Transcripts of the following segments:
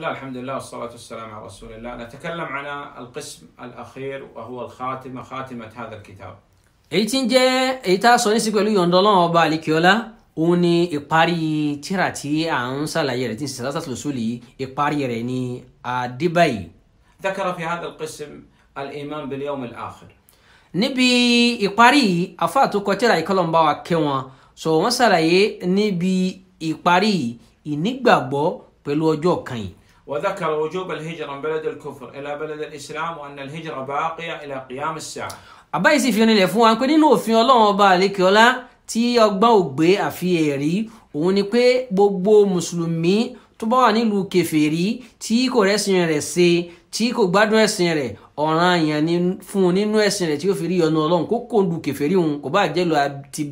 لا الحمد لله والصلاة والسلام على رسول الله نتكلم عن القسم الأخير وهو الخاتمة خاتمة هذا الكتاب إيتين جاء إيتا سونيسي قولي يوندولون وبالك يولا وني إقاري تيراتي عن سالة يرتين سلاسة الوصولي إقاري ريني دبي ذكر في هذا القسم الإيمان باليوم الآخر نبي إقاري أفاتو كتيرا يكلم باوا كيوا سو مسالة نبي إقاري إنيقبابو بلو جو كاين وذكر وجوب الهجرة من بلد الكفر إلى بلد الإسلام وأن الهجرة باقية إلى قيام الساعة àbá yìí sì fi rinlẹ̀ fún wa pé nínú òfin ọlọ́run ọba àlékiọlá tí ọgbọ́n ò gbé àfi ẹ̀rí òun ni pé gbogbo mùsùlùmí tó bá wà nílùú kèfèrí tí kò rẹ́sìn rẹ̀ ṣe tí kò gbádùn ẹ̀sìn rẹ̀ ọ̀ràn àyàn ni fún un nínú ẹ̀sìn rẹ̀ tí yóò fi rí ọ̀nà ọlọ́run kó lu kèfèrí òun kò bá jẹ́ ìlú àti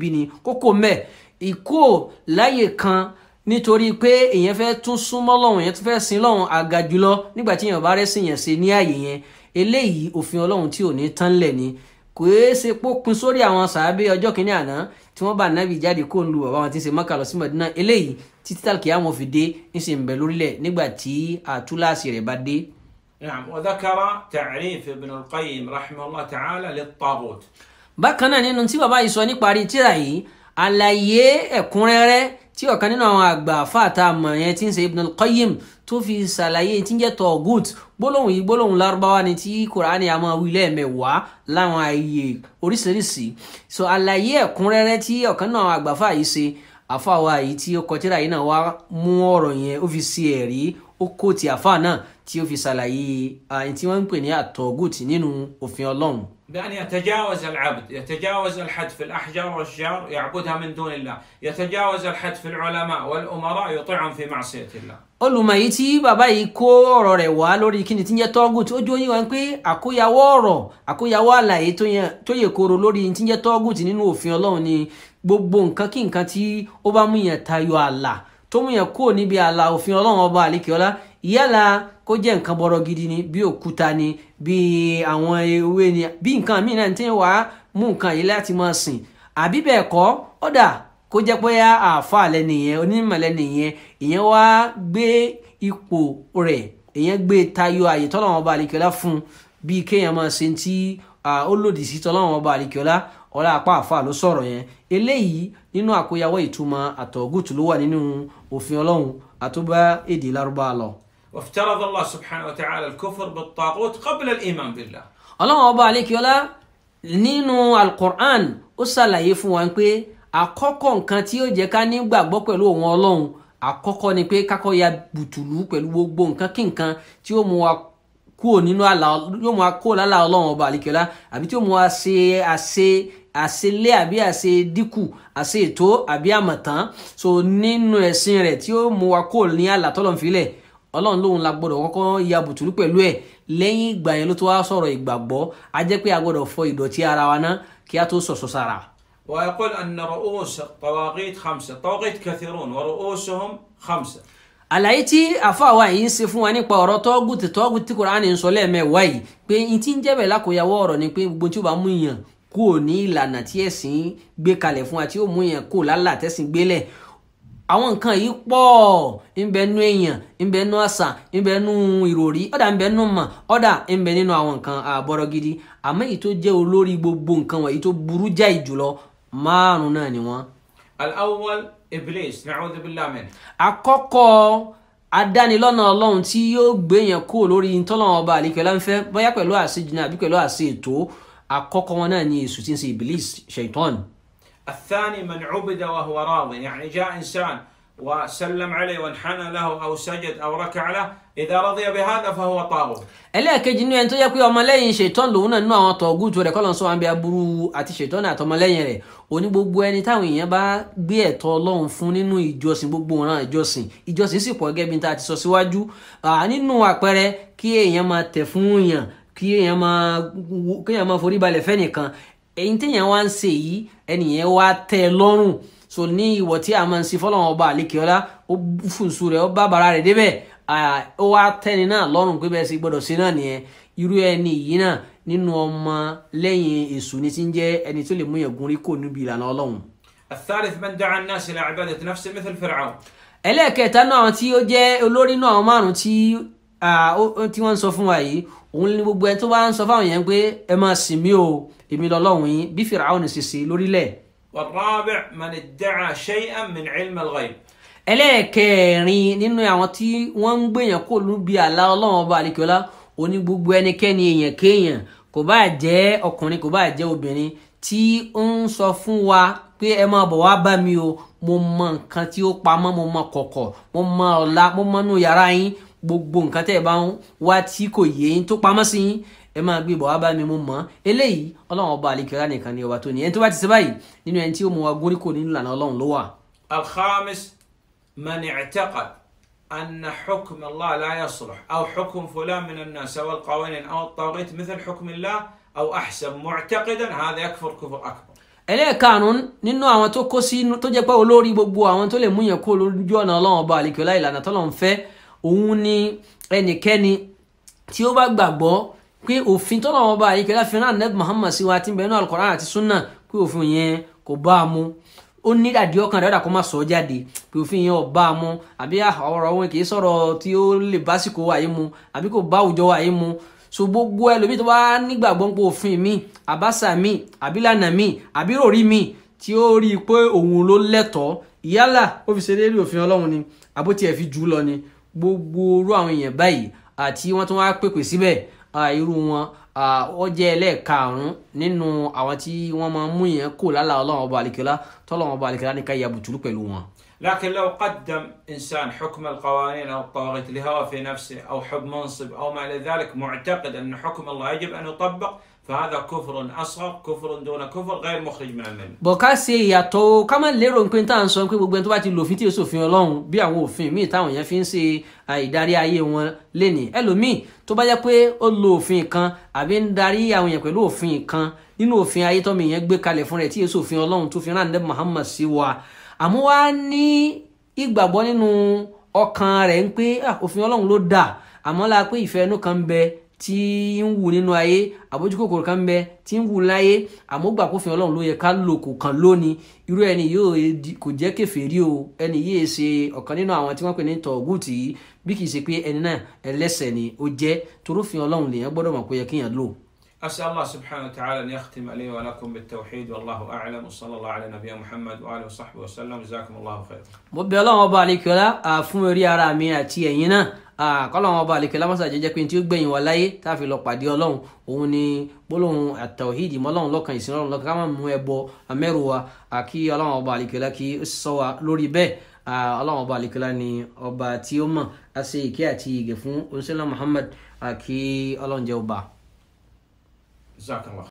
bí mẹ́ ìkó láyè kan nítorí pé èèyàn fẹ́ tún súnmọ́ lọ́hùn èèyàn tún fẹ́ sin lọ́hùn àga jùlọ nígbà tí èèyàn bá rẹ́ sìn yẹn ṣe ní àyè yẹn eléyìí òfin ọlọ́hun tí ò ní tán lẹ̀ ni kò é ṣe pópin sórí àwọn sàábé ọjọ́ kìíní àná tí wọ́n bá nábì jáde kó ń lu bàbá wọn ti ṣe mọ́kà lọ sí mọ̀dínà eléyìí títí tàlùkì àwọn fi dé ń ṣe ń bẹ lórílẹ̀ nígbà tí àtúláàsì rẹ̀ bá dé. نعم وذكر تعريف ابن القيم رحمه الله تعالى للطاغوت. bákan náà nínú tí bàbá yìí sọ níparí tíra yìí àlàyé ẹ̀kúnrẹ́rẹ́ tí ọ̀kan nínú àwọn àgbà fàtà mọ̀ yẹn ti ń ṣe Ibn al-Qayyim tó fi ṣàlàyé tí ń jẹ́ tọ̀gùt gbólóhùn yìí gbólóhùn lárúbáwá ni tí kùránì àmọ́ wí lẹ́ẹ̀mẹ̀wàá láwọn ààyè oríṣiríṣi so àlàyé ẹ̀kúnrẹ́rẹ́ tí ọ̀kan nínú àwọn àgbà fà ṣe àfa wa yìí tí ó kọtíra yìí náà wá mú ọ̀rọ̀ yẹn ó fi sí ẹ̀rí ó kó ti àfa náà tí ó fi ṣàlàyé àyìn tí wọ́n ń pè ní àtọ̀gùt nínú òfin ọlọ́run. بأن يتجاوز العبد يتجاوز الحد في الأحجار والشجار يعبدها من دون الله يتجاوز الحد في العلماء والأمراء يطيعهم في معصية الله olùmọ̀ yìí tí bàbá yìí kó ọ̀rọ̀ rẹ̀ wá lórí kíni tí ń jẹ́ tọ́gùt ó jó yín wá pé àkóyawọ́ ọ̀rọ̀ àkóyawọ́ àlàyé tó yẹ kóró lórí tí ń jẹ́ tọ́gùt nínú òfin ọlọ́run ni gbogbo nǹkan kí nǹkan tí ó bá mú yẹn tayọ ààlà tó mú yẹn kúrò níbi ààlà òfin ọlọ́run ọba àlekèọ́lá yálà kó jẹ́ nǹkan bọ̀rọ̀ gidi ni bí òkúta ni bí àwọn ewé ni bí nǹkan míì náà ti ń wá mú nǹkan yìí láti máa sìn àbí bẹ́ẹ̀ kọ́ ọ̀dà kó jẹ́ pé àáfà lẹ́nìyẹn onímọ̀ lẹ́nìyẹn ìyẹn wá gbé ipò rẹ̀ ìyẹn gbé tayọ àyè tọ́lọ́run ọba àlekèọ́lá fún bíi kéèyàn máa ṣe ti ó lòdì sí tọ́lọ́run ọba àlekèọ́lá ọlá apá àfa ló sọ̀rọ̀ yẹn eléyìí nínú àkóyawọ́ ìtumọ̀ àtọ̀gùtù ló wà nínú òfin ọlọ́run àtúbá èdè lárúbá lọ. وافترض الله سبحانه وتعالى الكفر بالطاغوت قبل الإيمان بالله. ọlọ́run ọba àlekíọ́lá nínú alukur'an ó ṣàlàyé fún wa pé àkọ́kọ́ nǹkan tí ó jẹ́ ká nígbàgbọ́ pẹ̀lú òun ọlọ́run àkọ́kọ́ ni pé kákọ́ ya bùtùlù pẹ̀lú gbogbo nǹkan kí nǹkan tí ó mú wa kúrò nínú àlà yóò mú wa kúrò lálà ọlọ́run ọba àlekíọ́lá àbí tí ó mú wa ṣe àṣe àṣelé àbí àṣe dínkù àṣe ètò àbí àmọ̀tán so nínú ẹ̀sìn rẹ̀ tí ó mú wa kó ní àlà tọ́lọ̀ ọlọ́run lòun la gbọ́dọ̀ kọ́kọ́ ya bùtùrú pẹ̀lú ẹ̀ lẹ́yìn ìgbà yẹn ló tó wá sọ̀rọ̀ ìgbàgbọ́ a jẹ́ pé a gbọ́dọ̀ fọ ìdọ̀tí ara wa ná kí a tó sọ̀sọ̀ sára. ويقول أن رؤوس الطواغيت خمسة طواغيت كثيرون ورؤوسهم خمسة àlàyé tí àfàwà yìí ń ṣe fún wa nípa ọ̀rọ̀ tọ́gùtì tọ́gùtì Kùránì ń sọ lẹ́ẹ̀mẹ́wàá yìí pé n ń jẹ́bẹ̀ lákòyàwó ọ̀rọ̀ ni pé gbogbo tí ó bá mú yàn kúrò ní ìlànà tí ẹ̀sìn gbé kalẹ̀ fún wa tí ó mú yẹn kó lálà tẹ́sìn gbélẹ̀ àwọn nǹkan yìí pọ̀ ńbẹ́nu èèyàn ńbẹ́nu àṣà ńbẹ́nu ìròrí ọ̀dà ńbẹ́nu mọ̀ ọ̀dà ńbẹ nínú àwọn nǹkan àbọ̀rọ̀ gidi àmọ́ èyí tó jẹ́ olórí gbogbo nǹkan wọ̀nyí tó burú jáì jùlọ márùn náà ni wọ́n. al-awwal iblis na'udhu billahi min. àkọ́kọ́ adánilọ́nà ọlọ́run tí yóò gbé yẹn kúrò lórí ntọ́lọ́wọ́n ọba àlekẹ́lá ń fẹ́ bóyá pẹ̀lú àṣejìnnà àbí pẹ̀lú àṣe ètò àkọ́kọ́ wọn náà ni èṣù tí ń ṣe ibilis shaitan. الثاني من عبد وهو راض يعني جاء إنسان وسلم عليه وانحنى له أو سجد أو ركع له إذا رضي بهذا فهو طاغوت. ẹlẹ́ẹ̀kejì nínú ẹni tó yẹ pé ọmọlẹ́yìn ṣètọ́n lòun náà nínú àwọn tọ̀gùtù rẹ̀ kọ́lọ́n sọ àbí aburú àti ṣètọ́n àti ọmọlẹ́yìn rẹ̀ oní gbogbo ẹni táwọn èèyàn bá gbé ẹ̀tọ́ ọlọ́run fún nínú ìjọsìn gbogbo ọ̀ràn ìjọsìn ìjọsìn sì pọ̀ gẹ́gẹ́ bí n ta ti sọ síwájú nínú àpẹẹrẹ kí èèyàn máa tẹ̀ fún yàn kí èèyàn máa kí èèyàn máa forí balẹ̀ fẹ́nìkan èyí téèyàn wá ń ṣe yìí ẹnìyẹn wá tẹ́ ẹ lọ́rùn so ní ìwọ̀ tí a máa ń ṣe fọlọ́wọn ọba àlékèọ́lá ó fùsù rẹ̀ ó bá bàrà rẹ̀ débẹ̀ ó wá tẹ́ni náà lọ́rùn pé bẹ́ẹ̀ sì gbọ́dọ̀ ṣe náà nìyẹn irú ẹni yìí náà nínú ọmọ lẹ́yìn èṣù ni ti ń jẹ́ ẹni tó lè mú yẹ̀gùn rí kò níbi ìlànà ọlọ́run. الثالث من دعا الناس إلى عبادة نفسه مثل فرعون ẹlẹ́ẹ̀kẹta náà tí ó jẹ́ olórí náà márùn-ún tí wọ́n ń sọ fún wa yìí òun ni gbogbo ẹni tó bá ń sọ fáwọn yẹn pé ẹ máa sìn mí o èmi lọ́lọ́run yín bí Fir'aun ṣe ṣe lórílẹ̀. والرابع من ادعى شيئا من علم الغيب ẹlẹ́ẹ̀kẹrin nínú àwọn tí wọ́n ń gbèyàn kó lóbi àlá ọlọ́run ọba àlekíọ́lá oní gbogbo ẹnikẹ́ni èèyàn kéèyàn kò bá jẹ́ ọkùnrin kò bá jẹ́ obìnrin tí ó ń sọ fún wa pé ẹ máa bọ̀ wá bá mi o mo mọ nǹkan tí ó pamọ́ mo mọ kọ̀kọ̀ mo mọ ọ̀la mo mọ inú yàrá yín gbogbo nǹkan tẹ́ ẹ bá ń wá tí kò yé yín tó pamọ́ sí yín ẹ máa gbé ìbọ̀ wá bá mi mo mọ̀ ọ́ eléyìí ọlọ́run ọba àlekèrè nìkan ni ọba tó ní ẹni tó bá ti ṣe báyìí nínú ẹni tí ó mú wa gúnrí kò nínú ìlànà ọlọ́run ló wà. alhamis mani i'taqad anna hukm allah la yasluh aw hukm fulan min an-nas qawanin aw at-taghit mithl hukm aw ahsan mu'taqidan hadha yakfur kufr akbar ẹlẹ́ẹ̀karùn-ún nínú àwọn tó kó sí tó jẹ́ pé olórí gbogbo àwọn tó lè múyàn kó lójú ọ̀nà ọlọ́run ọba àlekèrè òun ni ẹnikẹ́ni tí ó bá gbàgbọ́ pé òfin tọ́nà wọn bá yìí kẹlẹ́ fìràn nẹ́bí Muhammad sí wa ti ń bẹ nínú Al-Qur'an àti sunna pé òfin yẹn kò bá a mu ó ní ìdàdí ọkàn rẹ̀ dàkọ́ máa sọ ọ́ jáde pé òfin yẹn ò bá a mu àbí ọ̀rọ̀ wọn kì í sọ̀rọ̀ tí ó lè básìkò wa yìí mu àbí kò bá àwùjọ wa mu so gbogbo ẹlòmíì tó bá nígbàgbọ́ pé òfin mi àbáṣà mi àbílànà mi àbíròrí mi tí ó rí i pé òun ló lẹ́tọ̀ọ́ yálà ó fi ṣe déédéé òfin Ọlọ́run ni àbótiẹ̀ fi jù ú lọ ni gbogbo orú àwọn èèyàn báyìí àti wọ́n tún wá pèpè síbẹ̀ irú wọn ó jẹ́ ẹlẹ́ẹ̀karùn-ún nínú àwọn tí wọ́n máa ń mú yẹn kó lálàá ọlọ́run ọba àlekèlá tọ́lọ́run ọba àlekèlá ní ká yà bùtùrú pẹ̀lú wọn. لكن لو قدم انسان حكم القوانين او الطواغيت لهوى في نفسه او حب منصب او ما الى ذلك معتقد ان حكم الله يجب ان يطبق فهذا كفر اصغر كفر دون كفر غير مخرج من المله. بوكاسي يا تو كما ليرون كنت انسون كي بوغبن تو لو فيتي يوسف في اولون بي اون مي تاون يا فين اي داري اي ون ليني الومي تو با يا او لو اوفين كان ابي داري اون يا بيلو اوفين كان نينو اوفين اي تو مي يان غبي تي يوسف في اولون تو فين ران محمد سي àmọ́ wá ní ìgbàgbọ́ nínú ọkàn rẹ̀ ń pé ah, òfin ọlọ́run ló dà àmọ́ la pé ìfẹ́ inú kan bẹ tí ń wù nínú ayé àbójú kòkòrò kan bẹ tí ń wù láyé àmọ́ gbà kófin ọlọ́run ló yẹ ká lò kò kàn lónìí irú ẹni yóò kò jẹ́ kèfèrí o ẹni yìí ṣe ọ̀kan nínú àwọn tí wọ́n pè ní tọ̀gùtì bí kì í ṣe pé ẹni náà ẹlẹ́ṣẹ̀ ni ó jẹ́ torófin ọlọ́run lèèyàn gbọ́dọ̀ mọ̀ pé yẹ kéèyàn lò أسأل الله سبحانه وتعالى أن يختم لي ولكم بالتوحيد والله أعلم وصلى الله على نبينا محمد وآله وصحبه وسلم جزاكم الله خيرا mo bẹ̀ Ọlọ́run ọba àlekèọlá fún orí ara mi àti ẹ̀yin náà kọ́lọ́run ọba àlekèọlá mọ́sá jẹ́jẹ́ pé tí ó gbẹ̀yìn wá láyé tá a fi lọ pàdé Ọlọ́run òun ni gbólóhùn àtàwíìdì mọ́lọ́run lọ́kàn ìsìn Ọlọ́run lọ́kàn ká má mú ẹbọ amẹ́rù wa kí Ọlọ́run ọba àlekèọlá kí ó sọ wa lórí bẹ́ẹ̀ Ọlọ́run ọba àlekèọlá ni ọba tí ó mọ̀ á ṣe ìkẹ́ àti ìgẹ̀ fún oníṣẹ́lá Muhammad kí Ọlọ́run jẹ́ ọba. جزاك الله